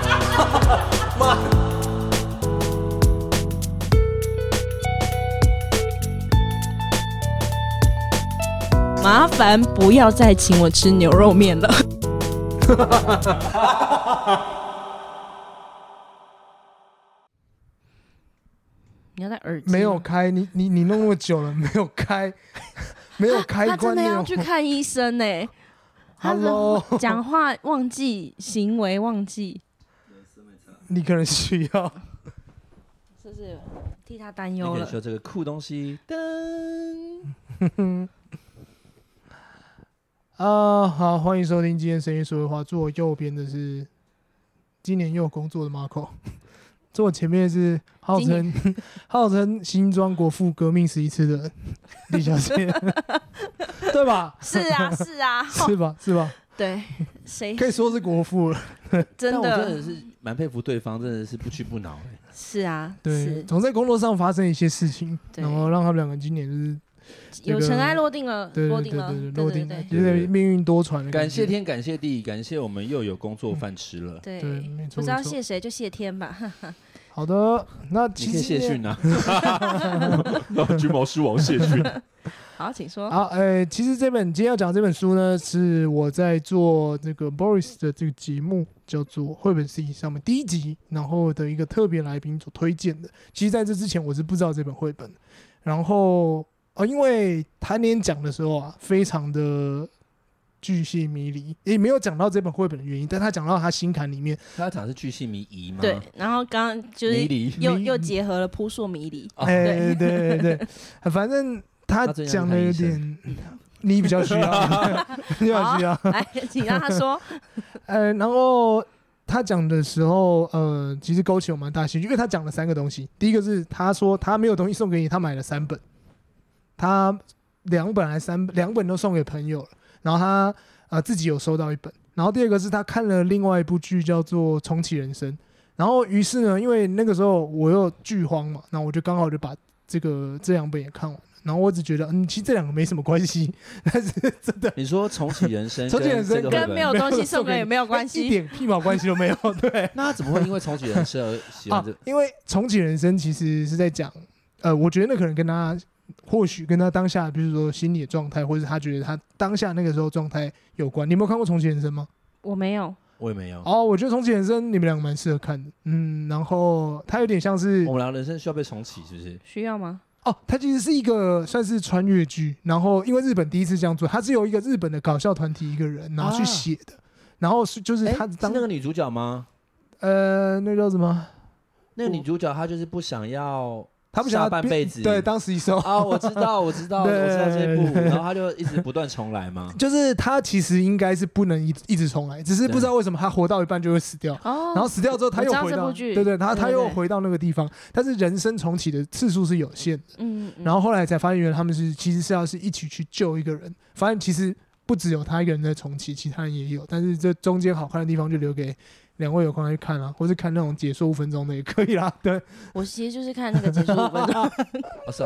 麻煩不要再請我吃牛肉麵了。 你要戴耳機，沒有開？你你你弄那麼久了，沒有開？沒有開關、啊、他真的要去看醫生呢。Hello， 講話忘記，行為忘記， 你可能需要， 就 是替他擔憂了。說這個酷東西， 啊、uh，好，歡迎收聽今天深夜說繪話。坐我右邊的是今年又工作的 Marco，坐我前面的是號稱號稱新莊國父革命十一次的李小姐， 對吧？是啊，是啊， 是吧？是吧？哦、對，可以說是國父了，真的， 真的是蠻佩服對方，真的是不屈不撓。是啊，對，總在工作上發生一些事情，然後讓他們兩個今年就是。這個、有塵埃落定了，落定了，落定了，有點命運多舛感。感謝天，感謝地，感謝我們又有工作飯吃了。嗯、對,對，不知道謝誰就謝天吧。好的，那謝謝謝遜啊，哈哈哈，金毛獅王謝遜。好，請說。好，誒、欸，其實這本今天要講的這本書呢，是我在做這個 Boris 的這個節目，叫做《繪本世界》上面第一集，然後的一個特別來賓所推薦的。其實在這之前，我是不知道這本繪本，然後。因為他那天講的時候啊，非常的巨細迷離，也沒有講到這本繪本的原因，但他講到他心坎裡面，他講的是巨細靡遺嘛。對，然後剛剛就是又又結合了撲朔迷離。哎、哦，欸，對 對對，對，反正他講 的有點， 你比較需要，你比較需要。 來，請讓他說。 呃，然後他講的時候，呃，其實勾起我蠻大興趣，因為他講了三個東西。第一個是他說他沒有東西送給你，他買了三本。他兩本來三本，兩本都送給朋友了，然後他、呃、自己有收到一本，然後第二個是他看了另外一部劇叫做《重啟人生》，然後於是呢，因為那個時候我又劇荒嘛，那我就剛好就把這個這兩本也看完了，然後我只覺得嗯，其實這兩個沒什麼關係，但是真的，你說《重啟人生》，重啟人生跟沒有東西送給也沒有關係， 一點屁毛關係都沒有，對， 那他怎麼會因為《重啟人生》而喜歡、這個啊、因為《重啟人生》其實是在講，呃，我覺得那可能跟他。或許跟他當下，比如說心理的狀態，或者是他覺得他當下那個時候狀態有關。你有沒有看過《重啟人生》嗎？我沒有，我也沒有。哦，我覺得《重啟人生》你們兩個蠻適合看的。嗯，然後他有點像是我們倆人生需要被重啟，是不是？需要嗎？哦，他其實是一個算是穿越劇，然後因為日本第一次這樣做，他是由一個日本的搞笑團體一個人然後去寫的、啊，然後是就是他當、欸、是那個女主角嗎？呃，那叫什麼？那個女主角她就是不想要。他不想要半輩子。對，當時一說啊、哦，我知道，我知道， 對我知道這部，然後他就一直不斷重來嘛。就是他其實應該是不能一一直重來，只是不知道為什麼他活到一半就會死掉。哦。然後死掉之後他又回到，對對，他他又回到那個地方。但是人生重啟的次數是有限的。嗯。然後後來才發現，原來他們是其實是要是一起去救一個人。發現其實不只有他一個人在重啟，其他人也有。但是這中間好看的地方就留給。兩位有空來看啦、啊，或是看那種解說五分鐘的也可以啦。對，我其實就是看那個解說五分鐘。哦，是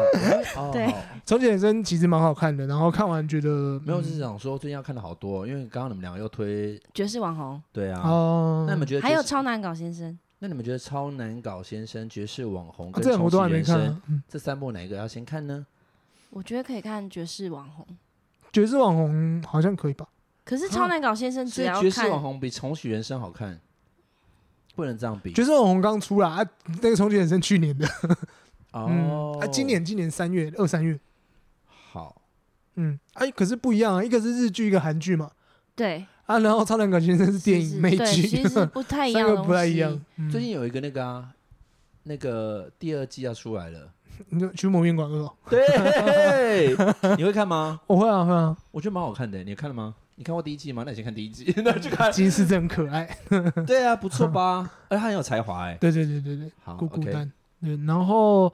哦，對《重啟人生》其實蠻好看的，然後看完覺得、嗯、沒有，就是想說最近要看的好多，因為剛剛你們兩個又推《爵士網紅》。對啊，哦，那你們覺得還有《超難搞先生》？那你們覺得《超難搞先生》《爵士網紅》跟《重啟人生、啊這很多還沒看啊嗯》這三部哪一個要先看呢？我覺得可以看爵士網紅《爵士網紅》，《爵士網紅》好像可以吧？可是《超難搞先生》只要看《啊、爵士網紅》比《重啟人生》好看。不能這樣比，就色網紅剛出來啊，那個《重啟人生》去年的，哦、 oh 嗯，啊今，今年今年三月二三月，好，嗯，哎，可是不一樣啊，一個是日劇，一個韓劇嘛，對，啊，然後《超能感覺是電影是是美劇，其實不太一樣，三個不太一樣，嗯。最近有一個那個啊，那個第二季要出來了，嗯《驅魔麵館二》，對， 你會看嗎？ 我會啊，會啊，我覺得蠻好看的，欸，你看了嗎？你看過第一季嗎？那你先看第一季， 那就看金絲真可愛。 對啊，不錯吧？哎， 他很有才華哎、欸。對對對對對，好孤，孤單。Okay. 對，然後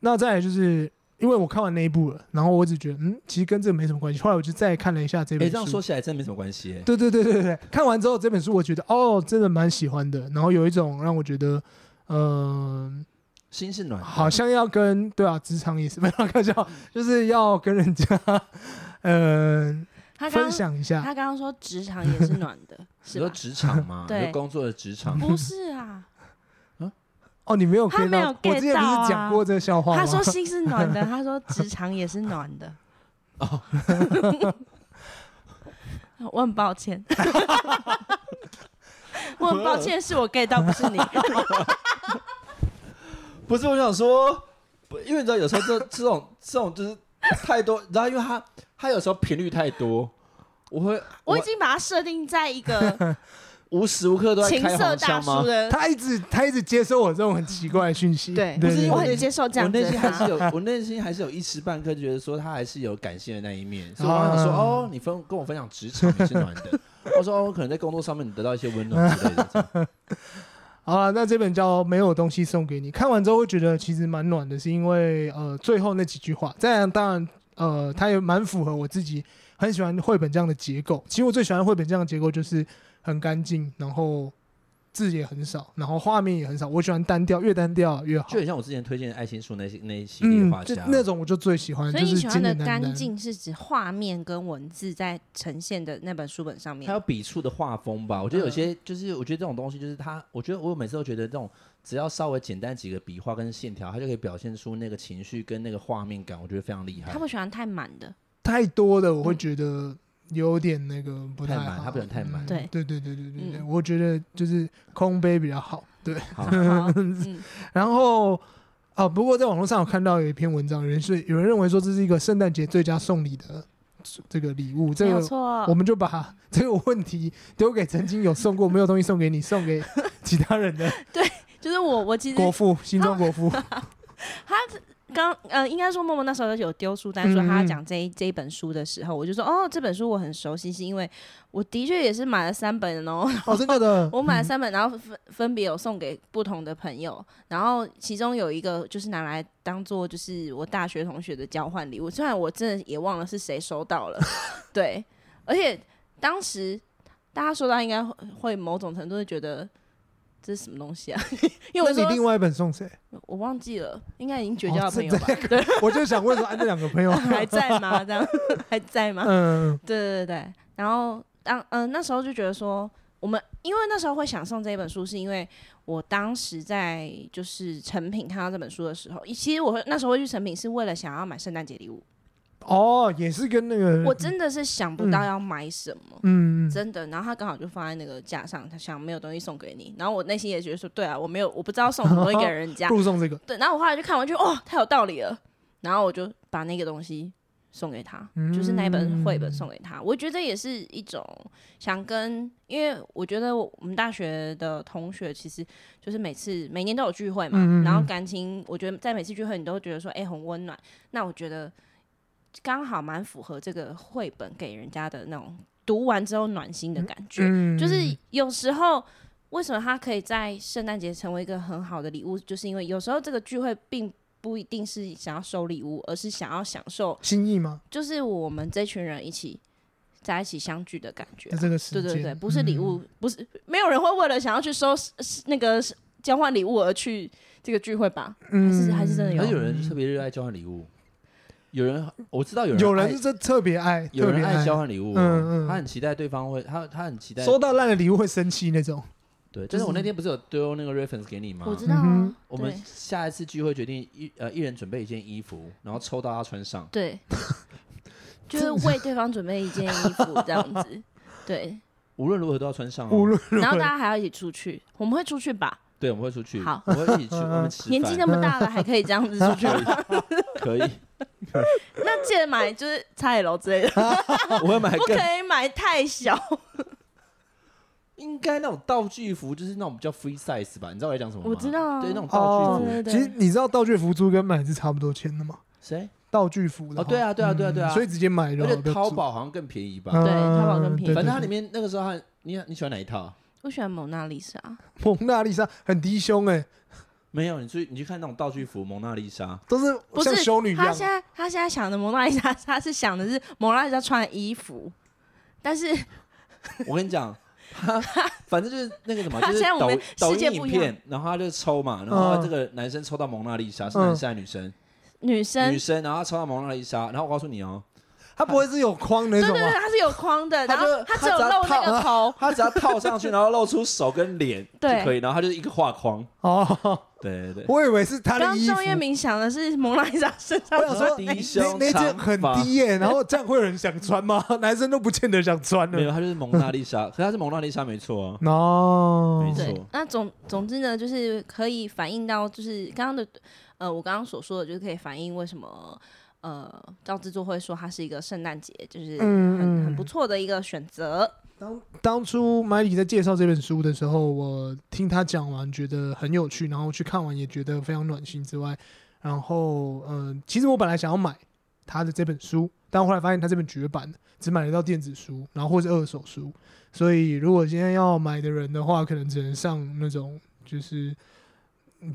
那再來就是，因為我看完那一部了，然後我只覺得，嗯，其實跟這個沒什麼關係。後來我就再看了一下這本書。欸、這樣說起來真的沒什麼關係、欸。對對對對對，看完之後這本書，我覺得哦，真的蠻喜歡的。然後有一種讓我覺得，嗯、呃，心是暖，好像要跟對啊，職場也是，不要開玩笑，， 就是要跟人家，嗯、呃。他剛剛分享一下，他剛剛說職場也是暖的是，是職場嗎？ 你說工作的職場？ 不是啊，啊，哦，你沒有，他沒有 get 到啊，講過這個笑話嗎？他說心是暖的， 他說職場也是暖的。 哦， 我很抱歉， 我很抱歉，是我 get 到 不是你。 不是，我想說，因為你知道有時候這這種 這種就是太多，然後因為他。他有時候頻率太多，我會我已經把它設定在一個 無時無刻都在開黃腔嗎？ 他一直他一直接受我這種很奇怪的訊息， 對，對，對，對，不是我很接受這樣的我內心還是有， 我內心還是有一時半刻覺得說他還是有感性的那一面， 所以我想說哦、嗯，你分跟我分享職場是暖的。 我說、哦、可能在工作上面你得到一些溫暖之類的。 好了，那這本叫《沒有東西送給你》，看完之後會覺得其實蠻暖的，是因為呃最後那幾句話。這樣當然。呃，它也蠻符合我自己，很喜歡繪本這樣的結構。其實我最喜歡繪本這樣的結構，就是很乾淨，然後字也很少，然後畫面也很少。我喜歡單調，越單調越好。就很像我之前推薦的《愛心樹》那些那一系列畫家、嗯，就那種我就最喜歡。就是、簡簡簡淡淡淡。所以你喜歡的乾淨是指畫面跟文字在呈現的那本書本上面，還有筆觸的畫風吧？我覺得有些就是，我覺得這種東西就是它，我覺得我每次都覺得這種。只要稍微簡單幾個筆畫跟線條，它就可以表現出那個情緒跟那個畫面感，我覺得非常厲害。他不喜歡太滿的，太多的我會覺得有點那個不太滿。他不想太滿、嗯。對對對對對、嗯、我覺得就是空杯比較好。對，嗯 好好嗯、然後、啊、不過在網絡上我看到有一篇文章，人是有人認為說這是一個聖誕節最佳送禮的這個禮物。這個錯，我們就把這個問題丟給曾經有送過沒有東西送給你， 送給其他人的。對。就是我，我其實國父，心中，國父。國父他剛呃，應該說 Momo 那時候有丟書單，但是說他講這一這一本書的時候，我就說哦，這本書我很熟悉，是因為我的確也是買了三本哦、喔，真的，我買了三本，然後分分別有送給不同的朋友，然後其中有一個就是拿來當做就是我大學同學的交換禮物，雖然我真的也忘了是誰收到了， 對，而且當時大家說到，應該會某種程度會覺得。這是什麼東西啊？因為我說 你另外一本送誰？我忘記了，應該已經絕交的朋友吧？哦，這個、對，我就想問說，哎，這兩個朋友還，還在嗎？這樣還在嗎？嗯，對對對，對。然後當嗯、呃、那時候就覺得說，我們因為那時候會想送這一本書，是因為我當時在就是誠品看到這本書的時候，其實我那時候會去誠品是為了想要買聖誕節禮物。哦，也是跟那個人。我真的是想不到要買什麼，嗯，真的。然後他剛好就放在那個架上，他想沒有東西送給你。然後我內心也覺得說，對啊，我沒有，我不知道送什麼東西給人家。 不如送這個。對，然後我後來就看完，就哦，太有道理了。然後我就把那個東西送給他，嗯、就是那本繪本送給他。我覺得也是一種想跟，因為我覺得我們大學的同學其實就是每次每年都有聚會嘛，嗯、然後感情我覺得在每次聚會你都覺得說，哎、欸，很溫暖。那我覺得。剛好蠻符合這個繪本給人家的那種讀完之後暖心的感覺，就是有時候為什麼他可以在聖誕節成為一個很好的禮物，就是因為有時候這個聚會並不一定是想要收禮物，而是想要享受心意嗎？就是我們這群人一起在一起相聚的感覺啊。對對對，不是禮物，不是沒有人會為了想要去收那個交換禮物而去這個聚會吧？還是還是真的有？有人特別熱愛交換禮物。有人，我知道有人，有人是真特別愛，愛，有人愛交換禮物嗯嗯，他很期待對方會，他他很期待收到爛的禮物會生氣那種。對，就是，但是我那天不是有丟那個 reference 給你嗎？我知道啊。我們下一次聚會決定一呃一人準備一件衣服，然後抽到他穿上。對， 就是為對方準備一件衣服這樣子。對，無論如何都要穿上啊。無論如何，然後大家還要一起出去，我們會出去吧？對，我們會出去。好，我會一起去。年紀那麼大了，還可以這樣子出去嗎？ 可以？可以。 那借買就是 XL 之類的，我買不可以買太小 。 應該那種道具服就是那種比較 free size 吧？你知道我在講什麼嗎？我知道、啊對，對那種道具服、哦。其實你知道道具服租跟買是差不多錢的嗎？誰？道具服？哦，對啊，對啊，對啊，對啊、嗯。所以直接買，而且淘寶好像更便宜吧、嗯？對，淘寶更便宜。反正它裡面那個時候，你你喜歡哪一套？我喜歡蒙娜麗莎 。蒙娜麗莎很低胸哎、欸。沒有，你去你去看那種道具服蒙娜麗莎，都是像修女一樣。他現在他現在想的蒙娜麗莎，他是想的是蒙娜麗莎穿的衣服，但是我跟你講，他反正就是那個什麼，就是導導演影片，然後他就抽嘛，然後這個男生抽到蒙娜麗莎、嗯、是男生還是女生？嗯、女生女生，然後他抽到蒙娜麗莎，然後我告訴你哦。他不會是有框那種，對對對，他是有框的，然後他只有露那個頭，他只要套，只要套上去，然後露出手跟臉就可以， 然後他就是一個畫框。哦，對對對，我以為是他的衣服。剛明想的是蒙娜麗莎身上，我想說低胸那那件很低耶，欸，然後這樣會有人想穿嗎？ 男生都不見得想穿了。沒有，他就是蒙娜麗莎， 可是他是蒙娜麗莎沒錯啊。哦、oh.，沒錯。那總總之呢，就是可以反映到，就是剛剛的，呃，我剛剛所說的，就是可以反映為什麼。呃，趙制作會說它是一個聖誕節，就是很很不錯的一個選擇，嗯。當當初麥迪在介紹這本書的時候，我聽他講完，覺得很有趣，然後去看完也覺得非常暖心之外，然後嗯，其實我本來想要買他的這本書，但我後來發現他這本絕版只買得到電子書，然後或是二手書。所以如果今天要買的人的話，可能只能上那種就是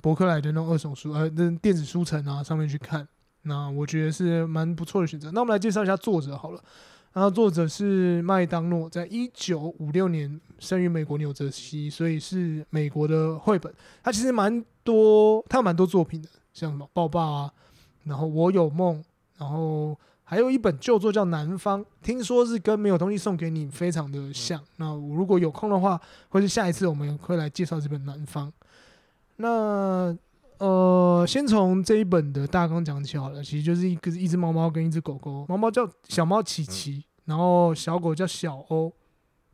博客來的那種二手書，呃，那電子書城啊上面去看。那我覺得是蠻不錯的選擇。那我們來介紹一下作者好了。然後作者是麥當諾，在一九五六年生於美國紐澤西，所以是美國的繪本。他其實蠻多，他有蠻多作品的，像什麼《抱抱》啊，然後《我有夢》，然後還有一本舊作叫《南方》，聽說是跟《沒有東西送給你》非常的像。那我如果有空的話，或是下一次我們會來介紹這本《南方》。那。呃，先從這一本的大綱講起好了。其實就是一個一隻貓貓跟一隻狗狗，貓貓叫小貓琪琪，然後小狗叫小歐，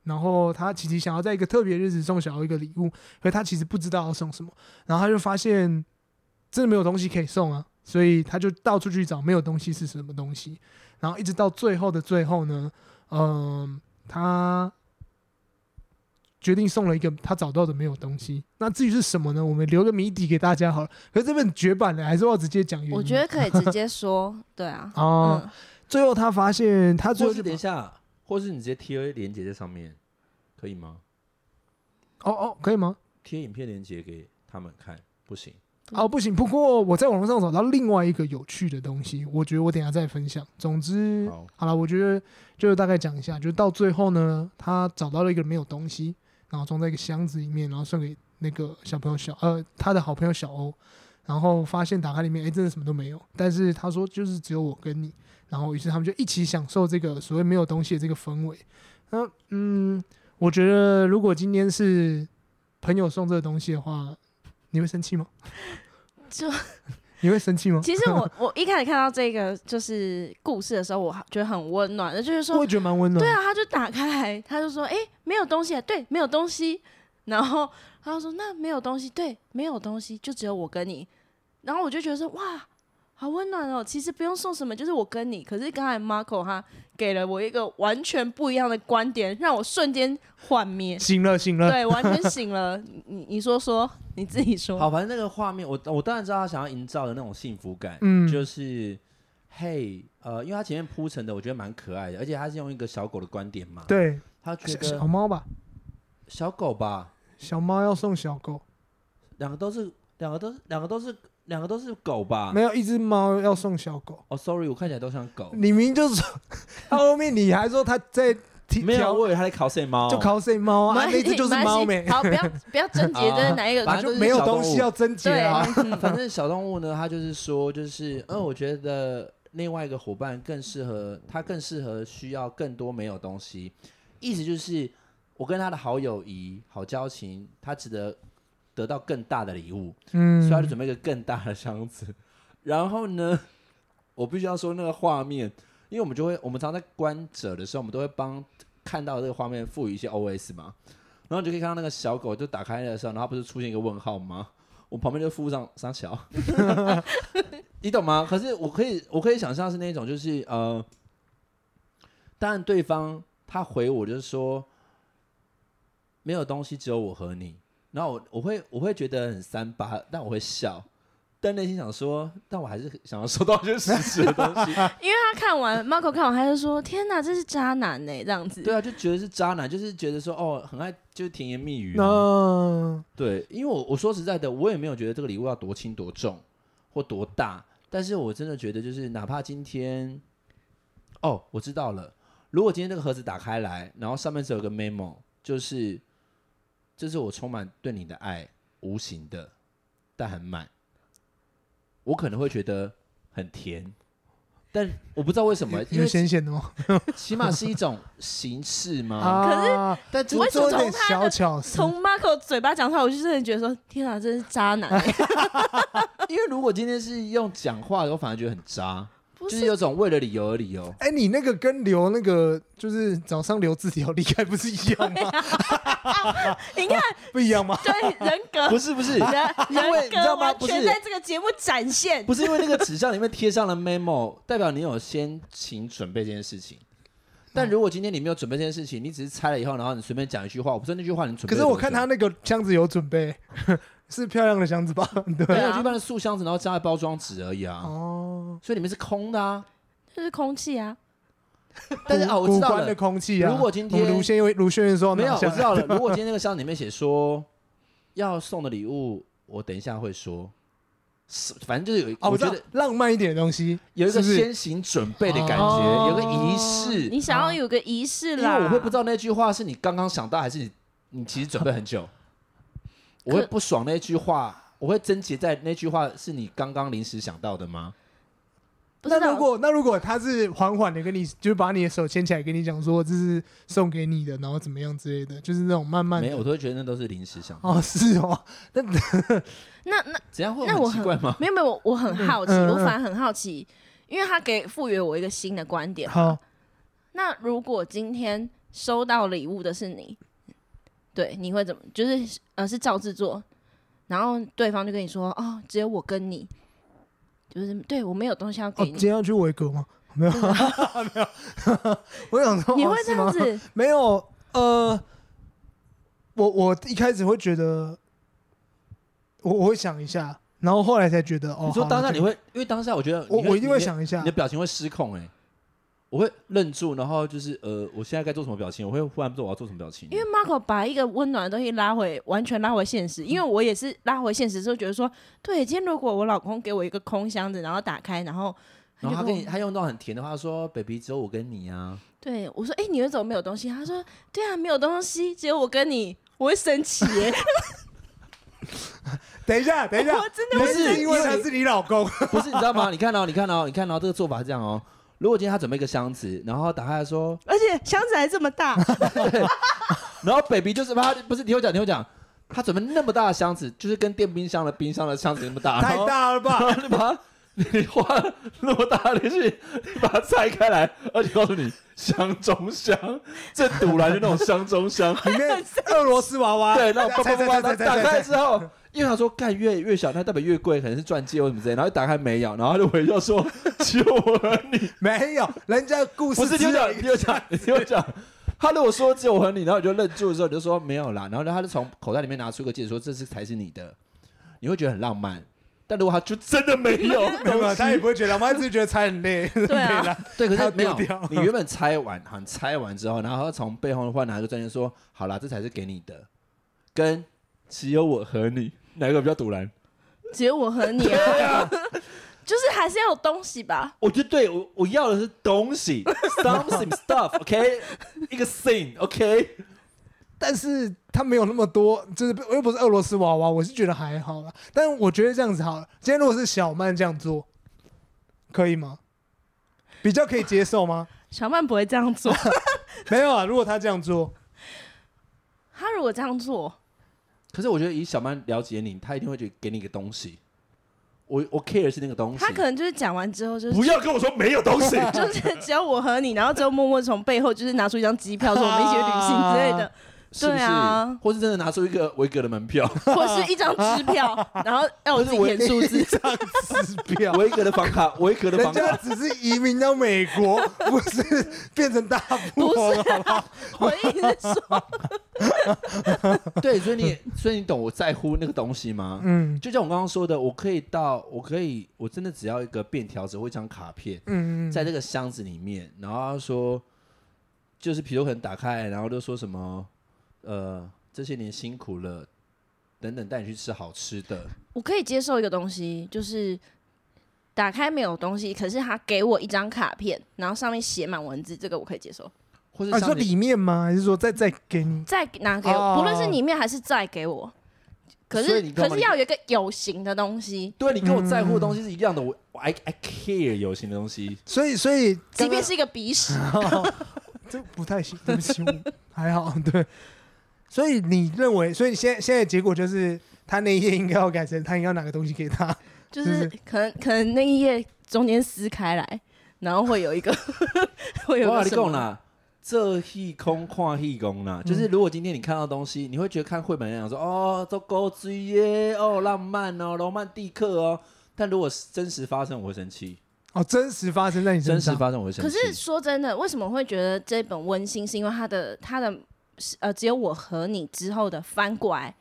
然後他琪琪想要在一個特別日子送小歐一個禮物，可是他其實不知道要送什麼，然後他就發現真的沒有東西可以送啊，所以他就到處去找沒有東西是什麼東西，然後一直到最後的最後呢，嗯、呃，他。決定送了一個他找到的沒有東西。那至於是什麼呢？我們留個謎底給大家好了。可是這本絕版的、欸，還是我要直接講我覺得可以直接說， 對啊。哦、嗯，最後他發現，他最後是，是等一下，或是你直接貼一個鏈接在上面，可以嗎？哦哦，可以嗎？貼影片鏈接給他們看，不行。哦，不行。不過我在網絡上找到另外一個有趣的東西，我覺得我等一下再分享。總之好了，我覺得就大概講一下，就是到最後呢，他找到了一個沒有東西。然後裝在一個箱子裡面，然後送給那個小朋友小，呃他的好朋友小歐，然後發現打開裡面，誒，真的什麼都沒有。但是他說就是只有我跟你，然後於是他們就一起享受這個所謂沒有東西的這個氛圍。嗯嗯，我覺得如果今天是朋友送這個東西的話，你會生氣嗎？就。你會生氣嗎？其實我我一開始看到這個就是故事的時候，我覺得很溫暖的，就是說我覺得蠻溫暖。對啊，他就打開來，他就說：“誒、欸，沒有東西、啊，對，沒有東西。”然後他就說：“那沒有東西，對，沒有東西，就只有我跟你。”然後我就覺得說：“哇。”好溫暖哦，其實不用送什麼，就是我跟你。可是剛才 Marco 他給了我一個完全不一樣的觀點，讓我瞬間幻滅。醒了，醒了。對，完全醒了。 你你說說，你自己說。好，反正那個畫面，我我當然知道他想要營造的那種幸福感、嗯，就是，嘿，呃，因為他前面鋪陳的，我覺得蠻可愛的，而且他是用一個小狗的觀點嘛。對。他覺得小貓吧，小狗吧，小貓要送小狗，嗯、兩個都是，兩個都，兩個都是。兩個都是狗吧？沒有一隻貓要送小狗。哦、oh，sorry，我看起來都像狗。你明明就是，他 後面你還說他在挑，沒有，他在考誰貓，就考誰貓啊？那一隻就是貓沒？好，不要不要貞潔的哪一個？啊、反正就是沒有東西要貞潔啊。反正小動物呢，他就是說，就是，嗯， 嗯，我覺得另外一個夥伴更適合，他更適合需要更多沒有東西，意思就是我跟他的好友誼、好交情，他值得。得到更大的禮物，嗯，所以他就準備一個更大的箱子。然後呢，我必須要說那個畫面，因為我們就會，我們常在觀者的時候，我們都會幫看到這個畫面賦予一些 OS 嘛，然後你就可以看到那個小狗就打開的時候，然後不是出現一個問號嗎？我旁邊就附上沙橋，上 你懂嗎？可是我可以，我可以想象是那一種，就是呃，但對方他回我就是說，沒有東西，只有我和你。然後我我會我會覺得很三八，但我會笑，但內心想說，但我還是想要收到一些實質的東西。 因為他看完 ，Marco 看完，他就說：“天哪，這是渣男呢、欸！」這樣子。”對啊，就覺得是渣男，就是覺得說哦，很愛，就是甜言蜜語、啊。嗯，對，因為我我說實在的，我也沒有覺得這個禮物要多輕、多重或多大，但是我真的覺得，就是哪怕今天，哦，我知道了，如果今天這個盒子打開來，然後上面是有一個 memo，就是。這是我充滿對你的愛，無形的，但很滿。我可能會覺得很甜，但我不知道為什麼。因為鹹鹹的嗎？起碼是一種形式嗎、啊？可是，但只會覺得他從小巧從 Marco 嘴巴講出來，我就真的覺得說，天哪、啊，真是渣男。啊、 因為如果今天是用講話，我反而覺得很渣。是就是有種為了理由而理由。哎、欸，你那個跟留那個，就是早上留字條離開，不是一樣嗎？啊、 你看 不一樣嗎？對，人格 不是不是人人格，你知道嗎？完全在這個節目，目展現，不是因為那個紙上裡面貼上了 memo， 代表你有先請準備這件事情、嗯。但如果今天你沒有準備這件事情，你只是猜了以後，然後你隨便講一句話，我不是那句話，你準備。可是我看他那個箱子有準備。 是漂亮的箱子吧？對，沒有一般的素箱子，然後加在包裝紙而已啊。哦，所以裡面是空的啊，這是空氣啊。但是啊，五官、哦、的空氣啊。如果今天魯迅，魯、嗯、迅說、那個、沒有。我知道了。 如果今天那個箱子裡面寫說要送的禮物，我等一下會說，是反正就是有一、哦，我覺得我浪漫一點的東西，有一個先行準備的感覺，是是有個儀式、啊。你想要有個儀式啦、啊？因為我會不知道那句話是你剛剛想到，還是你，你其實準備很久。啊。我會不爽那句話，我會真結在那句話是你剛剛臨時想到的嗎？那如果那如果他是緩緩的跟你，就把你的手牽起來跟你講說這是送給你的，然後怎麼樣之類的，就是那種慢慢的，沒有，我都會覺得那都是臨時想到的。哦，是哦，那 那怎樣會很奇怪嗎？沒有沒有，我很好奇，嗯、我反而很好奇、嗯嗯，因為他給賦予我一個新的觀點。好，那如果今天收到禮物的是你？對，你會怎麼？就是呃，是照製作，然後對方就跟你說：“哦，只有我跟你，就是對，我沒有東西要給你。啊”今天要去維格嗎？沒有，沒有。我想說，你會這樣子？哦，沒有，呃，我我一開始會覺得，我我會想一下，然後後來才覺得哦。你說當下你會，因為當下我覺得，我我一定會想一下，你的表情會失控欸。我會愣住，然後就是呃，我現在該做什麼表情？我會忽然不知道我要做什麼表情。因為 Marco 把一個溫暖的東西拉回，完全拉回現實。因為我也是拉回現實之後，覺得說，對，今天如果我老公給我一個空箱子，然後打開，然後然後他跟你他用到很甜的話說：“Baby，只有我跟你啊。”對，我說：“哎、欸，你們怎麼沒有東西？”他說：“對啊，沒有東西，只有我跟你。”我會生氣耶！ 等一下，等一下，我真的不是因為他是你老公，不是你知道嗎？你看哦，你看哦，你看哦，哦，這個做法是這樣哦。如果今天他準備一個箱子，然後打開來說，而且箱子還這麼大， 對。然後 baby 就是怕，不是，你聽我講，你聽我講，他準備那麼大的箱子，就是跟電冰箱的冰箱的箱子那麼大，太大了吧？你把它， 你花那麼大的力氣，你把它拆開來，而且告訴你，箱中箱，這堵來的那種箱中箱，裡 面俄羅斯娃娃，對，那種啪啪啪，打開之後。因為他說，蓋越越小，他代表越貴，可能是鑽戒或什麼之類。然後一打開沒有，然後他就回就說：“只 我和你。”沒有人家的故事 我。不是，我講，我講，我 他如果說只有我和你，然後你就愣住的時候，你就說沒有啦。然後他就從口袋裡面拿出個戒指，說：“這是才是你的。”你會覺得很浪漫。但如果他就真的沒有， 沒有、啊，他也不會覺得浪漫，他 直覺得拆很累。 對啊 啦，對。可是沒有，沒有你原本拆完，好像拆完之後，然後從背後的話拿一個鑽戒說：“好啦，這才是給你的。”跟只有我和你，哪一個比較賭爛？只有我和你，啊。 就是還是要有東西吧。我覺得對，我我要的是東西 ，something some stuff，OK，、okay? 一個 thing，OK、okay? 。但是它沒有那麼多，就是我又不是俄羅斯娃娃，我是覺得還好啦。但是我覺得這樣子好了。今天如果是小曼這樣做，可以嗎？比較可以接受嗎？ 小曼不會這樣做。 沒有啊，如果她這樣做，她 如果這樣做。可是我覺得以小曼了解你，她一定會覺得給你一個東西。我我 care 是那個東西。他可能就是講完之後就是不要跟我說沒有東西， 就是只要我和你，然後之後默默從背後就是拿出一張機票，說我們一起旅行之類的、啊是是，對啊，或是真的拿出一個維格的門票，或是一張支票， 然後讓我自己填數字。就是、一張支票，維 格的房卡，維格的房卡，人家只是移民到美國，不是變成大不是、啊、我一直是說。 對，所以你，所以你懂我在乎那個東西嗎？嗯，就像我剛剛說的，我可以到，我可以，我真的只要一個便條紙或一張卡片，嗯，嗯，在這個箱子裡面，然後他說，就是，比如可能打開，然後就說什麼，呃，這些年辛苦了，等等帶你去吃好吃的，我可以接受一個東西，就是打開沒有東西，可是他給我一張卡片，然後上面寫滿文字，這個我可以接受。或是你、欸、說裡面嗎？還是說再再給你再拿給我？Oh, 不論是裡面還是再給我，可是可是要有一個有形的東西。你對你跟我在乎的東西是一樣的，嗯、我 I I care 有形的東西。所以所以剛剛，即便是一個鼻屎，這不太行， 對不起。還好。對，所以你認為，所以現在現在結果就是，他那一頁應該要改成他應該要拿個東西給他，就是，是，是可能可能那一頁中間撕開來，然後會有一個 會有哇，你夠了。做戲空跨戲空呢，就是如果今天你看到東西，你會覺得看繪本一樣說哦，多狗嘴耶哦，浪漫哦，羅曼蒂克哦。但如果真實發生，我會生氣哦。真實發生在你真，真實發生，我會生氣。可是說真的，為什麼會覺得這本溫馨？是因為它的它的呃，只有我和你之後的翻過來，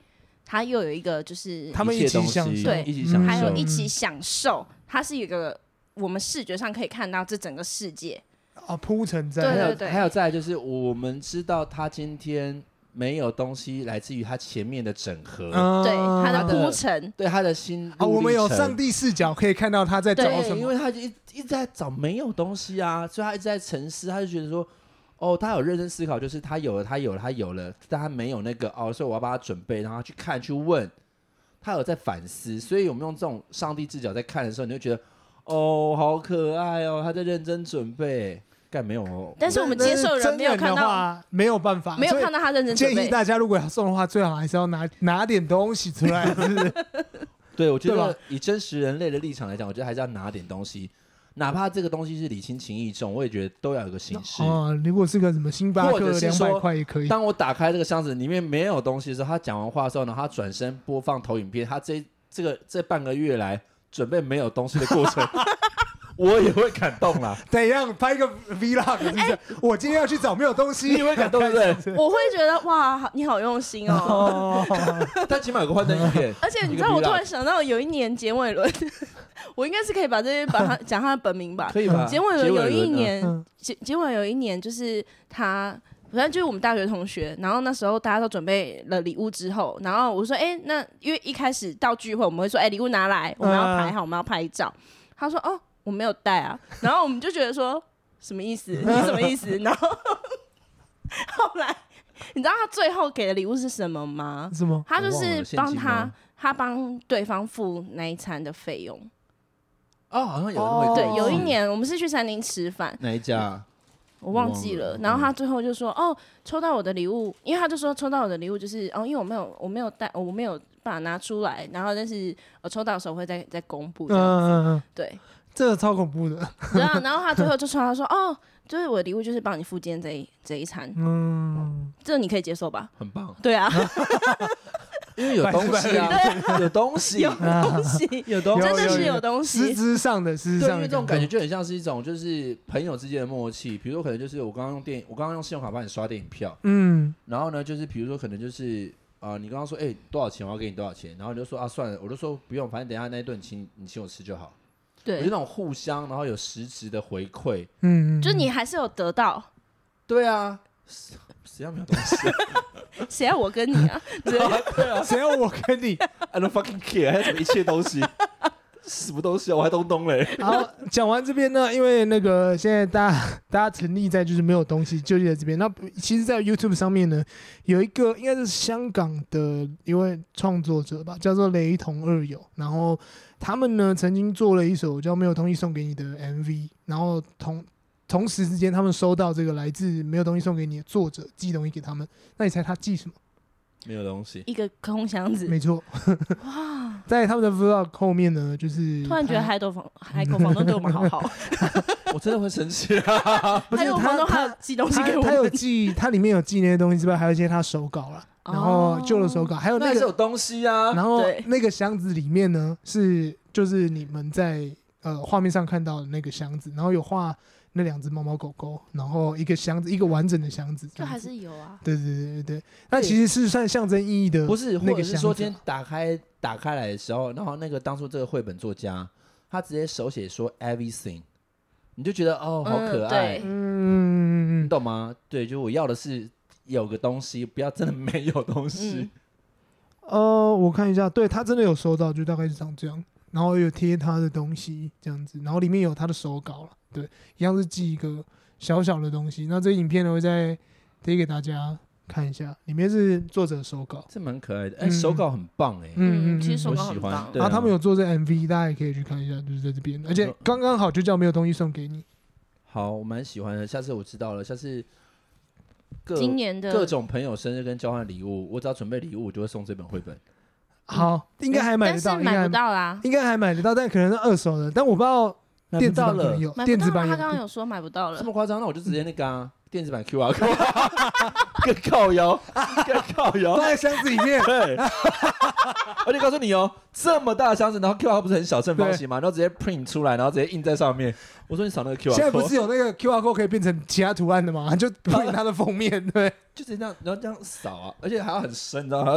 它又有一個就是東西他們一起對、嗯，還有一起享受，嗯、它是一個我們視覺上可以看到這整個世界。啊、哦，鋪成在對對對，還有在就是我們知道他今天沒有東西來自於他前面的整合，對、啊、他的鋪陳，對他的心。哦、啊，我們有上帝視角可以看到他在找什麼，因為他一一直在找沒有東西啊，所以他一直在沉思，他就覺得說，哦，他有認真思考，就是他有了，他有了，他有了，但他沒有那個哦，所以我要幫他準備，然後他去看去問，他有在反思，所以我們用這種上帝視角在看的時候，你就覺得哦，好可愛哦，他在認真準備。概沒有，但是我們接受人沒有看到，的話沒有辦法，沒有看到他認真準備。建議大家如果要送的話，最好還是要拿拿點東西出來。 是 對，我覺得以真實人類的立場來講，我覺得還是要拿點東西，哪怕這個東西是禮輕情意重，我也覺得都要有個形式。哦、呃，如果是個什麼星巴克兩百塊也可以。當我打開這個箱子裡面沒有東西的時候，他講完話之後呢，他轉身播放投影片。他這這個這半個月來準備沒有東西的過程。 我也會感動啦， 等一下拍個 Vlog 是是。哎、欸，我今天要去找沒有東西。嗯啊、你會感動，對不對？我會覺得哇好，你好用心、喔、哦。 但起碼有個幻燈片。而且你知道，我突然想到，有一年簡偉倫， 我應該是可以把這些把他講他的本名吧、嗯？可以吧？簡偉倫有一年，簡偉倫有一年，啊、就是他，反正就是我們大學同學。然後那時候大家都準備了禮物之後，然後我說：“哎、欸，那因為一開始到聚會，我們會說：‘哎、欸，禮物拿來，我們要排好、呃，我們要拍照。’”他說：“哦。”我沒有帶啊，然後我們就覺得說，什麼意思？ 什麼意思？然後後來，你知道他最後給的禮物是什麼嗎？什麼？他就是幫他，啊、他幫對方付那一餐的費用。哦，好像有、哦、對，有一年我們是去餐廳吃飯，哪一家、啊？我忘記了，忘了。然後他最後就說：“嗯、哦，抽到我的禮物，因為他就說抽到我的禮物就是哦，因為我沒有，我沒有帶，我沒有把它拿出來。然後、就是，但是我抽到的時候會再再公布這樣子，啊啊啊對。”這個超恐怖的，然後然後他最後就說，他說：“ 哦，就是我的禮物就是幫你付今天這一這一餐，嗯，這你可以接受吧？很棒、啊，對啊 ， 因為有東西、啊， 對、啊， 有東西， 有東西， 有東西， 真的是有東西， 實質上的是。對，因為這種感覺就很像是一種就是朋友之間的默契，比如說可能就是我剛剛用電，我剛剛用信用卡幫你刷電影票，嗯，然後呢就是比如說可能就是啊、呃，你剛剛說哎、欸、多少錢，我要給你多少錢，然後你就說啊算了，我就說不用，反正等一下那一頓請你請我吃就好。”有、就是、那種互相，然後有實質的回饋，嗯，就你還是有得到，嗯、對啊，誰要沒有東西、啊？誰 要我跟你啊？對啊，誰要我跟你 ？I don't fucking care， 還有什麼一切東西？ 什麼東西啊？我還東東嘞。然後講完這邊呢，因為那個現在大家大家沉溺在就是沒有東西糾結在這邊，那其實，在 YouTube 上面呢，有一個應該是香港的一位創作者吧，叫做雷同二友，然後。他們呢，曾經做了一首叫《沒有東西送給你》的 MV，然後同同時之間，他們收到這個來自《沒有東西送給你》的作者寄東西給他們。那你猜他寄什麼？沒有東西，一個空箱子，沒錯。 在他們的 vlog 後面呢，就是突然覺得海口房、啊、海口房東對我們好好、嗯， 我真的會生氣啊！海口房東有寄東西給我們，他，他，他，他，他，他有寄， 他裡面有寄那些東西之外，還有一些他手稿啦，然後舊的手稿、哦，還有那個東西啊。然後那個箱子裡面呢，是就是你們在呃畫面上看到的那個箱子，然後有畫。那兩隻貓貓狗狗，然後一個箱子，一個完整的箱子這樣子，就還是有啊。對對對對對，那其實是算象徵意義的、啊，不是？或者是說，今天打開打開來的時候，然後那個當初這個繪本作家，他直接手寫說 “everything”，你就覺得哦，好可愛，嗯，對，嗯，你懂嗎？對，就我要的是有個東西，不要真的沒有東西。哦、嗯 呃，我看一下，對，他真的有收到，就大概是長這樣，然後有貼他的東西這樣子，然後裡面有他的手稿啦。對，一樣是寄一個小小的東西。那這影片呢，我再推給大家看一下，裡面是作者手稿，這蠻可愛的。哎、欸嗯，手稿很棒，哎、欸，嗯，嗯，其實手稿我喜歡、啊、棒。然後、啊、他們有做這個 MV，大家也可以去看一下，就是在這邊、嗯。而且剛剛好就叫沒有東西送給你。好，我蠻喜歡的。下次我知道了，下次各今年的各種朋友生日跟交換禮物，我只要準備禮物，我就會送這本繪本、嗯。好，應該還買得到，買不到啦、啊，應該還，還買得到，但可能是二手的。但我不知道。買不到了，買電子版。他剛剛有說買不到了，這麼誇張？那我就直接那個、啊嗯、電子版 QR code，蓋 靠腰謠，蓋 靠腰謠， 靠謠 放在箱子裡面。對， 而且告訴你哦，這麼大的箱子，然後 QR 不是很小，正方形嘛，然後直接 print 出來，然後直接印在上面。我說你掃那個 QR，現在不是有那個 QR code 可以變成其他圖案的嗎？就 print 它的封面，對， 就直接這樣，然後這樣掃啊，而且還要很深，你知道嗎？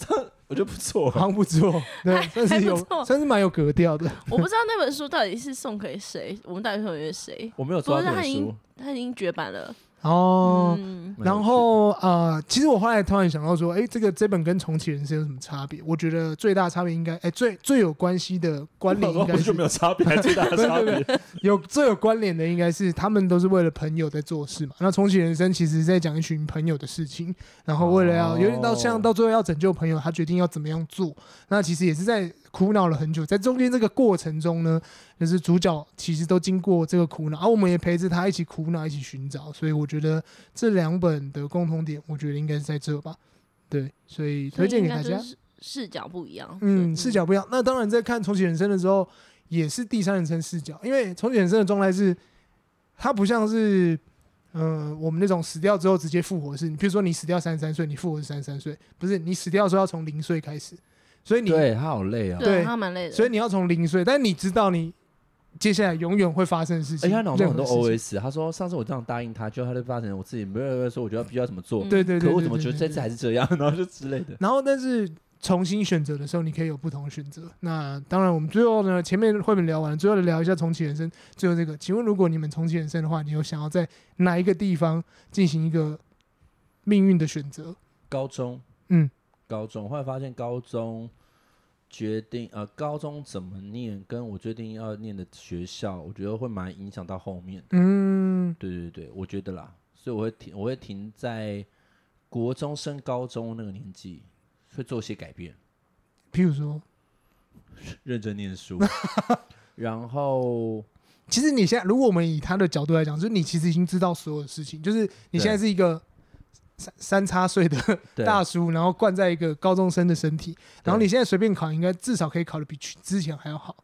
掃 我覺得不錯，好像不錯，對，還，還不錯，算是有，算是蠻有格調的。我不知道那本書到底是送給誰，我們到底送給誰，我沒有抓到那本書，不是，他已經，他已經絕版了。哦嗯、然後，然後，呃，其實我後來突然想到說，誒，這個這本跟重啟人生有什麼差別？我覺得最大差別應該，誒，最最有關係的關聯應該是，老老老老是沒有差別，最大的差別 對對對對對 有最有關聯的應該是他們都是為了朋友在做事嘛。那重啟人生其實是在講一群朋友的事情，然後為了要有點到像到最後要拯救朋友，他決定要怎麼樣做，那其實也是在。苦惱了很久，在中間這個過程中呢，就是主角其實都經過這個苦惱，而、啊、我們也陪着他一起苦惱，一起尋找。所以我覺得這兩本的共同點，我覺得應該是在這吧。對，所以推薦給大家。視角不一樣，嗯，嗯，視角不一樣。那當然，在看重啟人生的時候，也是第三人稱視角，因為重啟人生的狀態是，它不像是，嗯、呃，我們那種死掉之後直接復活是，你比如說你死掉三十三歲，你復活是三十三歲，不是你死掉的時候要從零歲開始。所以你對他好累啊，對，他蠻累的。所以你要從零歲，但是你知道你接下來永遠會發生的事情。哎他腦中很多 OS，他說上次我這樣答應他，就他就發生我自己沒有說，我覺得必須要怎麼做。對對對。可我怎麼覺得這次還是這樣、嗯，然後就之類的。然後，但是重新選擇的時候，你可以有不同的選擇。那當然，我們最後呢，前面繪本聊完，最後聊一下重啟人生。最後這個，請問如果你們重啟人生的話，你有想要在哪一個地方進行一個命運的選擇？高中。嗯。高中後來發現，高中決定呃，高中怎麼念，跟我決定要念的學校，我覺得會蠻影響到後面的。嗯，對對對，我覺得啦，所以我會停，我會停在國中升高中那個年紀，會做一些改變，譬如說認真念書， 然後其實你現在，如果我們以他的角度來講，就是你其實已經知道所有的事情，就是你現在是一個。三叉歲的大叔，然後灌在一個高中生的身體，然後你現在隨便考，應該至少可以考得比之前還要好，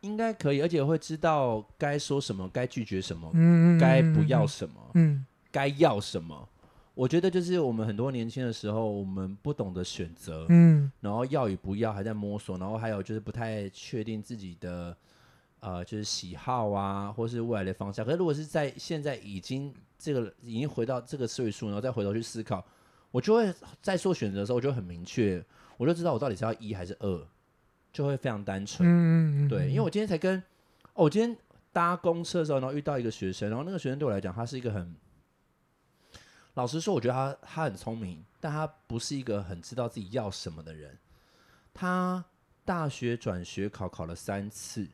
應該可以，而且會知道該說什麼，該拒絕什麼，嗯、該不要什麼，嗯、該要什麼、嗯。我覺得就是我們很多年輕的時候，我們不懂得選擇，嗯，然後要與不要還在摸索，然後還有就是不太確定自己的呃就是喜好啊，或是未來的方向。可是如果是在現在已經。這個已經回到這個歲數，然後再回頭去思考，我就會在做選擇的時候，我就很明確，我就知道我到底是要一還是二，就會非常單純。嗯嗯嗯嗯。對，因為我今天才跟哦，我今天搭公車的時候，然後遇到一個學生，然後那個學生對我來講，他是一個很老實說，我覺得他他很聰明，但他不是一個很知道自己要什麼的人。他大學轉學考考了三次，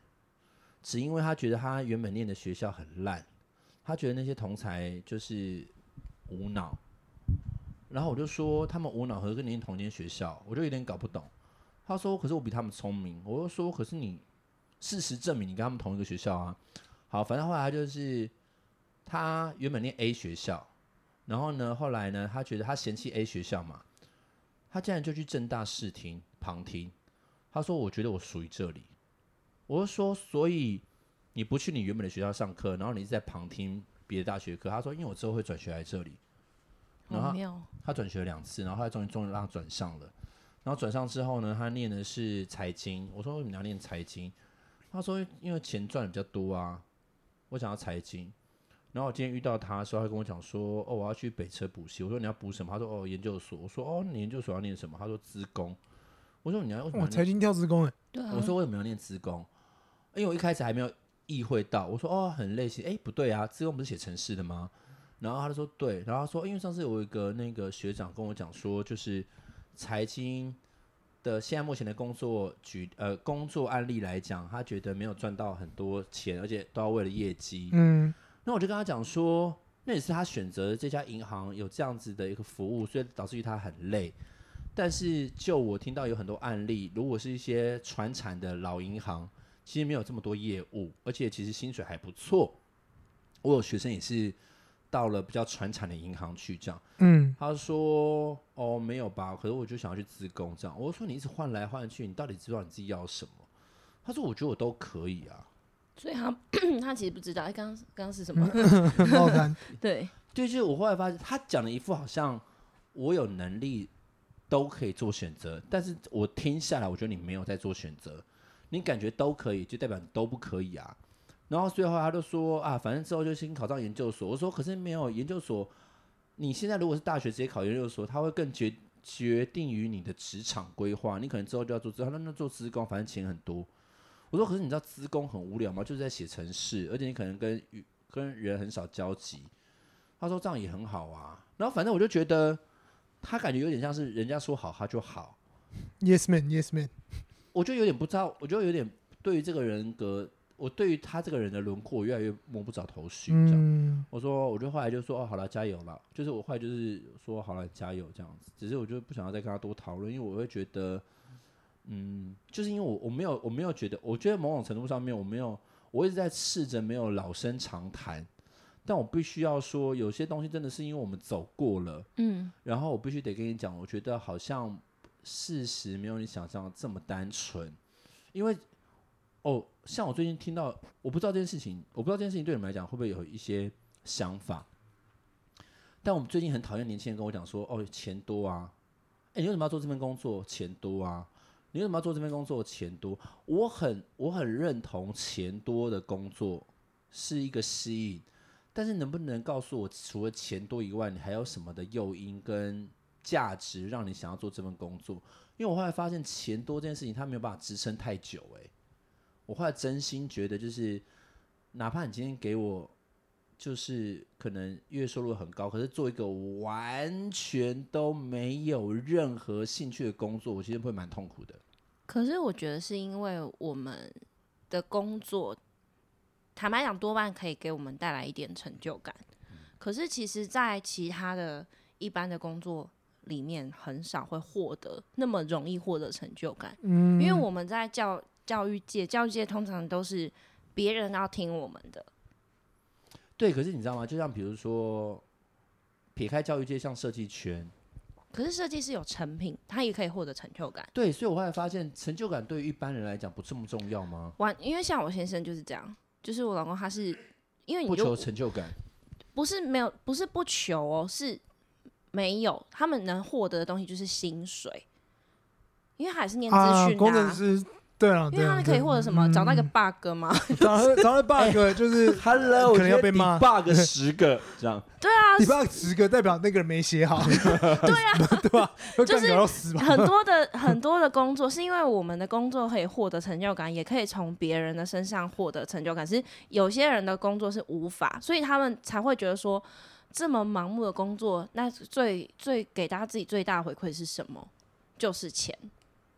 只因為他覺得他原本念的學校很爛。他覺得那些同才就是無腦，然後我就說他們無腦和跟你念同間學校，我就有點搞不懂。他說可是我比他們聰明，我就說可是你事實證明你跟他們同一個學校啊。好，反正後來他就是他原本念 A 學校，然後呢後來呢他覺得他嫌棄 A 學校嘛，他竟然就去政大試聽旁聽。他說我覺得我屬於這裡，我就說所以。你不去你原本的學校上課，然後你一直在旁聽別的大學課。他說：“因為我之後會轉學來這裡。”然後他轉學兩次，然後他終於終於讓他轉上了。然後轉上之後呢，他念的是財經。我說：“為什麼要念財經？”他說：“因為錢賺的比較多啊。”我想要財經。然後我今天遇到他的時候，他跟我講說：“哦，我要去北車補習。”我說：“你要補什麼？”他說：“哦，研究所。”我說：“哦，你研究所要念什麼？”他說：“資工。”我說：“你要我財經跳資工誒。對啊。我說：“為什麼要念資工、欸、工，工？”因為我一開始還沒有。意會到，我說哦，很累。其實，欸，不對啊，資工不是寫程式的嗎？然後他就說對，然後他說，因為上次有一個那個學長跟我講說，就是財經的現在目前的工作舉呃工作案例來講，他覺得沒有賺到很多錢，而且都要為了業績。嗯，那我就跟他講說，那也是他選擇這家銀行有這樣子的一個服務，所以導致於他很累。但是就我聽到有很多案例，如果是一些傳產的老銀行，其實沒有這麼多業務，而且其實薪水還不錯。我有學生也是到了比較傳產的銀行去這樣嗯，他說：“哦，沒有吧？可是我就想要去自工這樣。”我說：“你一直換來換去，你到底知道你自己要什麼？”他說：“我覺得我都可以啊。”所以他他其實不知道，哎，剛剛是什麼？嗯、呵呵好好 對,對，就是我後來發現，他講了一副好像我有能力都可以做選擇，但是我聽下來，我覺得你沒有在做選擇。你感覺都可以，就代表你都不可以啊。然後最後他就說啊，反正之後就先考上研究所。我說可是沒有研究所，你現在如果是大學直接考研究所，他會更決決定於你的職場規劃。你可能之後就要做之後那做資工，反正錢很多。我說可是你知道資工很無聊嗎？就是在寫程式，而且你可能跟跟人很少交集。他說這樣也很好啊。然後反正我就覺得他感覺有點像是人家說好他就好。Yes man, Yes man. 我就有點不知道，我就有點對於這個人格，我對於他這個人的輪廓，我越來越摸不着頭緒。這樣，嗯，我說，我就後來就說，哦，好了，加油了。就是我後來就是說，好了，加油這樣子。只是我就不想要再跟他多討論，因為我會覺得，嗯，就是因為我我沒有我沒有覺得，我覺得某種程度上面我沒有，我一直在試着沒有老生常談，但我必須要說，有些東西真的是因為我們走過了，嗯，然後我必須得跟你講，我覺得好像。事實沒有你想象的這麼單純，因為哦，像我最近聽到，我不知道這件事情，我不知道這件事情對你們來講會不會有一些想法。但我們最近很討厭年輕人跟我講說：“哦，錢多啊，哎、欸，你為什麼要做這份工作？錢多啊，你為什麼要做這份工作？錢多。”我很我很認同錢多的工作是一個吸引，但是能不能告訴我，除了錢多以外，你還有什麼的誘因跟？價值讓你想要做這份工作，因為我後來發現錢多這件事情，它沒有辦法支撐太久。欸，我後來真心覺得，就是哪怕你今天給我，就是可能月收入很高，可是做一個完全都沒有任何興趣的工作，我其實會蠻痛苦的。可是我覺得是因為我們的工作，坦白講多半可以給我們帶來一點成就感，嗯。可是其實，在其他的一般的工作。裡面很少會獲得那麼容易獲得成就感，嗯，因為我們在教教育界，教育界通常都是別人要聽我們的。對，可是你知道嗎？就像比如說，撇開教育界，像設計圈，可是設計師有成品，他也可以獲得成就感。對，所以我後來發現，成就感對於一般人來講不這麼重要嗎？完，因為像我先生就是這樣，就是我老公他是，因為你就不求成就感，不是沒有，不是不求哦、喔，是。沒有，他們能獲得的東西就是薪水，因為還是念資訊啊，啊。工程師對啊、啊，因為他們可以獲得什麼？找到一個 bug 嗎、嗯？找、就是、找到 bug、欸、就是 hello，可能要被罵。bug 十個這樣。對啊，你 bug 十個代表那個人沒寫好。對啊，對啊，就是很多的很多的工作是因為我們的工作可以獲得成就感，也可以從別人的身上獲得成就感。是有些人的工作是無法，所以他們才會覺得說。這麼盲目的工作，那最最給大家自己最大的回饋是什麼？就是錢。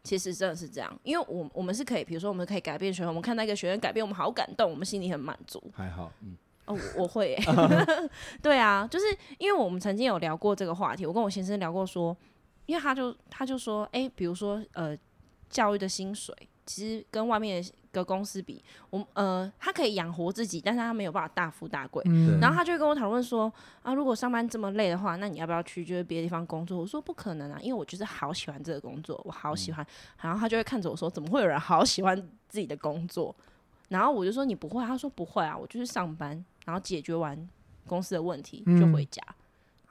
其實真的是這樣，因為我們我們是可以，比如說我們可以改變學生，我們看到一個學生改變，我們好感動，我們心裡很滿足。還好，嗯，哦，我會、欸。 對啊，就是因為我們曾經有聊過這個話題，我跟我先生聊過，說，因為他就他就說，誒、欸，比如說呃，教育的薪水其實跟外面的。跟公司比，我呃，他可以養活自己，但是他沒有辦法大富大貴，嗯。然後他就會跟我討論說啊，如果上班這麼累的話，那你要不要去就是別的地方工作？我說不可能啊，因為我就是好喜歡這個工作，我好喜歡。嗯。然後他就會看着我說，怎麼會有人好喜歡自己的工作？然後我就說，你不會，他說不會啊，我就是上班，然後解決完公司的問題就回家。嗯。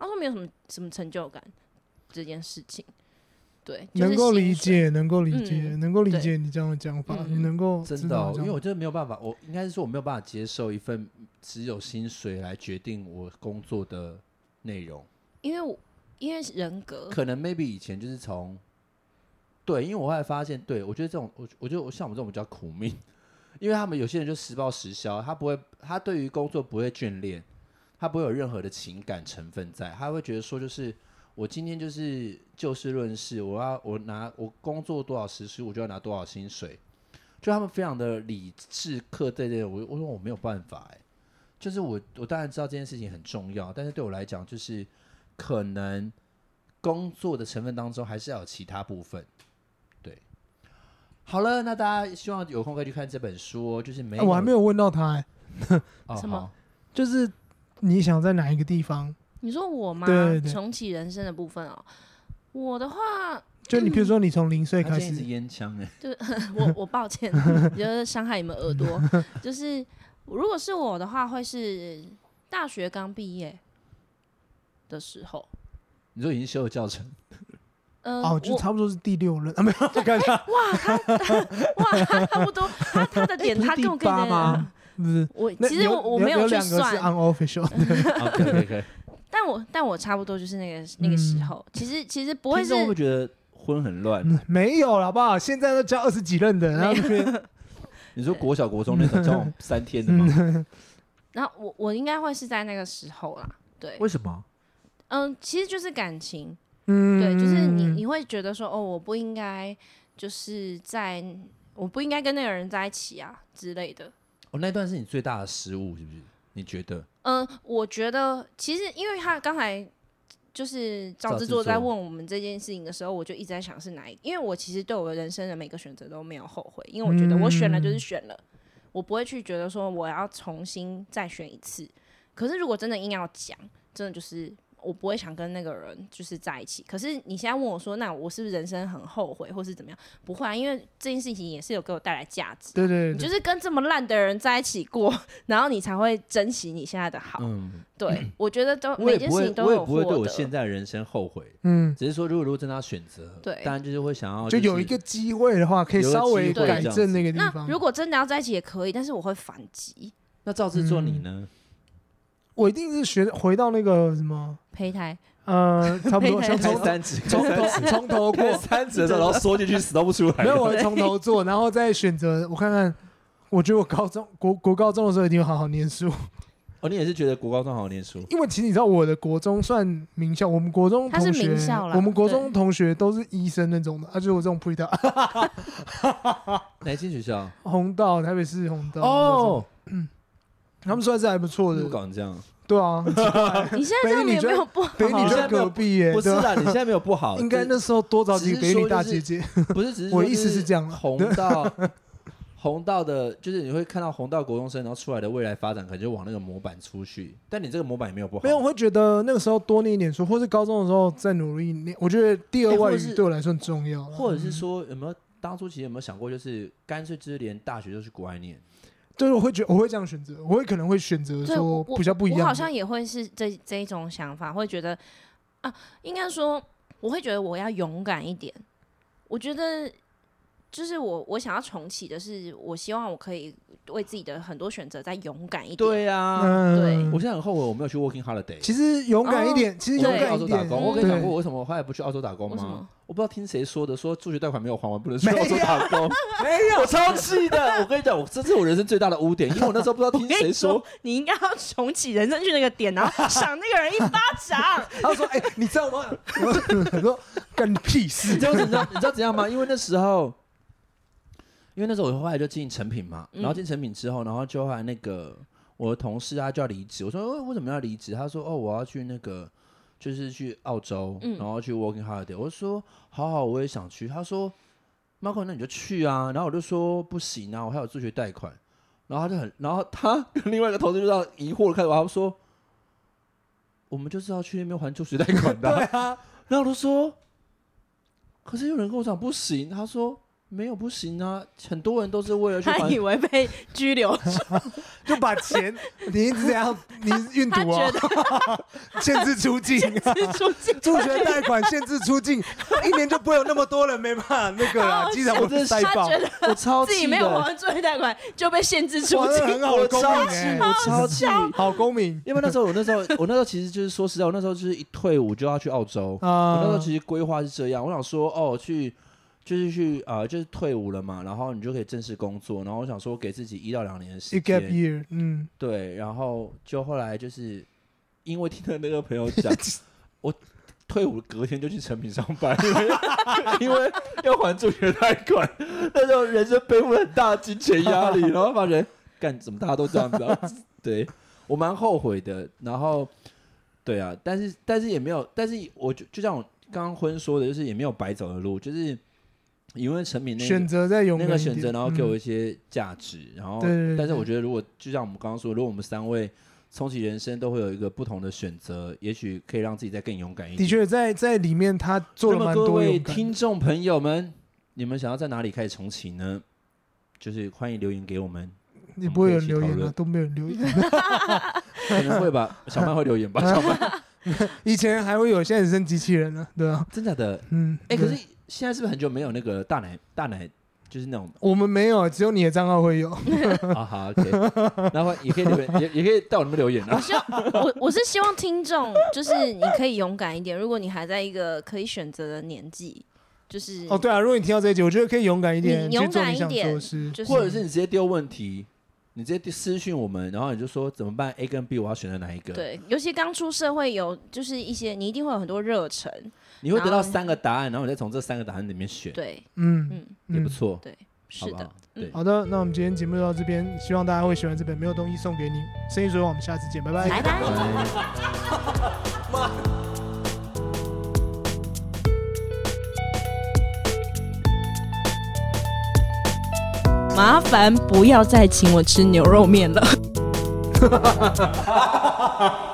他說沒有什麼什麼成就感這件事情。對，就是，能夠理解，能夠理解，嗯，能夠理解你這樣的講法，你能夠真的，喔的，因為我真的沒有辦法，我應該是說我沒有辦法接受一份只有薪水來決定我工作的內容，因為我因為人格，可能 maybe 以前就是從，對，因為我後來發現，對我覺得這種我我覺得我像我們這種比較苦命，因為他們有些人就實報實銷，他不會，他對於工作不會眷戀，他不會有任何的情感成分在，他會覺得說就是。我今天就是就事論事，我要我拿我工作多少時數，我就要拿多少薪水。就他們非常的理智、客對對我，我說我沒有辦法、欸，哎，就是我，我當然知道這件事情很重要，但是對我來講，就是可能工作的成分當中還是要有其他部分。對，好了，那大家希望有空可以去看這本書，就是沒有，啊、我還沒有問到他、欸，什麼、哦？就是你想在哪一個地方？你說我嗎？對對對，重啟人生的部分哦、喔。我的話，就你比如說，你從零歲開始。啊、是菸槍哎。我我抱歉， 你就是傷害你們耳朵。 就是如果是我的話，會是大學剛畢業的時候。你說已經修了教程？嗯、呃，哦，就差不多是第六任啊，沒有， 欸、哇他，哇，他差不多， 他他的點他更更。 欸、第八嗎？不是，我其實我我沒有去算。有兩個是 unofficial。 可以可以。但我但我差不多就是那個、嗯、那個時候，其實其實不會是說會不會覺得婚很亂、嗯，沒有好不好？現在都交二十幾任的，然後就覺得 你說國小國中那種交三天的嘛、嗯嗯。然後我我應該會是在那個時候啦，對？為什麼？嗯，其實就是感情，嗯，對，就是你你會覺得說，哦，我不應該就是在我不應該跟那個人在一起啊之類的。哦，那段是你最大的失誤，是不是？你覺得？嗯、呃，我覺得其實，因為他剛才就是趙志作在問我們這件事情的時候，我就一直在想是哪一個？因為我其實對我的人生的每個選擇都沒有後悔，因為我覺得我選了就是選了、嗯，我不會去覺得說我要重新再選一次。可是如果真的硬要講，真的就是。我不會想跟那個人就是在一起，可是你現在問我說，那我是不是人生很後悔或是怎麼樣？不會啊，因為這件事情也是有給我帶來價值、啊。對對，對，就是跟這麼爛的人在一起過，然後你才會珍惜你現在的好。嗯，對，嗯、我覺得都我每件事情都有獲得。我也不會對我現在人生後悔。嗯，只是說如果如果真的要選擇，對、嗯，當然就是會想要、就是。就有一個機會的話，可以稍微改正，改正那個地方。那如果真的要在一起也可以，但是我會反擊。那趙志做你呢？嗯我一定是學回到那個什麼胚胎，呃，差不多像從三指，從頭從頭過三指的，然後縮進去死都不出來。 沒有，我從頭做，然後再選擇。我看看，我覺得我高中國國高中的時候一定會好好念書。哦，你也是覺得國高中好好念書？因為其實你知道我的國中算名校，我們國中同學他是名校啦，我們國中同學都是醫生那種的，啊，就是我這種 p r e d i c t 哈 r 哪些學校？弘道，台北市弘道，哦。Oh 他們出來是還不錯的，敢、嗯就是、這樣？對啊， 對，你現在這樣也沒有不好，你你、欸？你現在沒有畢業，不是啊？你現在沒有不好，應該那時候多找幾個美女大姐姐，不是只是我意思是這樣， 紅到紅到的， 就是你會看到紅到國中生，然後出來的未來發展可能就往那個模板出去。但你這個模板也沒有不好，沒有，我會覺得那個時候多念一點書，或是高中的時候再努力一點。我覺得第二外語、欸、對我來說重要，或者是說有沒有、嗯、當初其實有沒有想過，就是乾脆就是連大學都去國外念？對，我會覺我會這樣選擇，我會可能會選擇說比較不一樣。我，我好像也會是這這一種想法，會覺得啊，應該說，我會覺得我要勇敢一點。我覺得。就是我，我想要重啟的是，我希望我可以為自己的很多選擇再勇敢一點。對呀、啊，對，我現在很後悔我沒有去 Working Holiday。其實勇敢一點，哦、其實勇敢一點。我、嗯、我跟你講過，我為什麼後來不去澳洲打工嗎？我，我不知道聽誰說的，說助學貸款沒有還完不能去澳洲打工，沒有， 我超氣的。我跟你講，我這是我人生最大的污點， 因為我那時候不知道聽誰說，說，你應該要重啟人生去那個點，然後賞那個人一巴掌。 他說，哎、欸，你知道嗎？ 我你說，幹你屁事。你知道你知道怎樣嗎？因為那時候。因為那時候我後來就進成品嘛，嗯、然後進成品之後，然後就後來那個我的同事啊就要離職，我說哦為什麼要離職？他說哦我要去那個就是去澳洲，嗯、然後去 Working Holiday。我就說好好我也想去。他說 Marco 那你就去啊。然後我就說不行啊，我還有助學貸款。然後他就很然後他跟另外一個同事就這樣疑惑的看着我，他說我們就是要去那邊還助學貸款的。 對啊。 然後他說可是有人跟我講不行，他說。沒有不行啊，很多人都是為了去還，還以為被拘留了 就把錢你一直這樣 你運毒啊、喔？ 限制出境，助 出 學貸款限制出境， 一年就不會有那麼多人沒辦法那個了。既然我貸我超自己沒有還助學貸款就被限制出境，我 是、那個、很好的公民，我超氣， 好功公名明。 因為那時候我那時候我那時候其實就是說實在，我那時候就是一退伍就要去澳洲、嗯、我那時候其實規劃是這樣，我想說哦去。就是去啊、呃，就是退伍了嘛，然後你就可以正式工作。然後我想說，給自己一到兩年的時間。Here, 嗯，對。然後就後來就是，因為聽到那個朋友講， 我退伍隔天就去成品上班，因為， 因為要還助學貸款， 那時候人生背負很大金錢壓力， 然後發覺幹什麼大家都這樣子。 對我蠻後悔的。然後對啊，但是但是也沒有，但是我就就像我剛剛昏說的，就是也沒有白走的路，就是。因為成名、那個，那個選擇，然後給我一些價值、嗯，然後對對對，但是我覺得，如果就像我們剛剛說，如果我們三位重啟人生，都會有一個不同的選擇，也許可以讓自己再更勇敢一點。的確，在在裡面，他做了很多。各位聽眾朋友們，你們想要在哪裡開始重啟呢？就是歡迎留言給我們。你不會有人留言啊討論？都沒有留言？ 可能會吧，小曼會留言吧？小曼 以前還會有些人生機器人呢、啊，對啊，真的的，嗯，哎、欸、可是。現在是不是很久沒有那個大奶大奶，就是那種我們沒有，只有你的賬號會有。 哦、好好、okay，然後也可以留，也 也可以到我們留言啊。我希望我我是希望聽眾就是你可以勇敢一點， 如果你還在一個可以選擇的年紀，就是哦對啊，如果你聽到這一集，我覺得可以勇敢一點，你勇敢一點、就是，或者是你直接丟問題，你直接私訊我們，然後你就說怎麼辦？A 跟 B 我要選擇哪一個？對，尤其剛出社會有就是一些，你一定會有很多熱忱。你會得到三個答案然，然後你再從這三個答案裡面選。對，嗯，嗯也不錯。對，好不好？是的，對。好的，那我們今天節目就到這邊，希望大家會喜歡這本，嗯，沒有東西送給你。生意主人，我們下次見，拜拜。拜拜。 麻煩不要再請我吃牛肉麵了。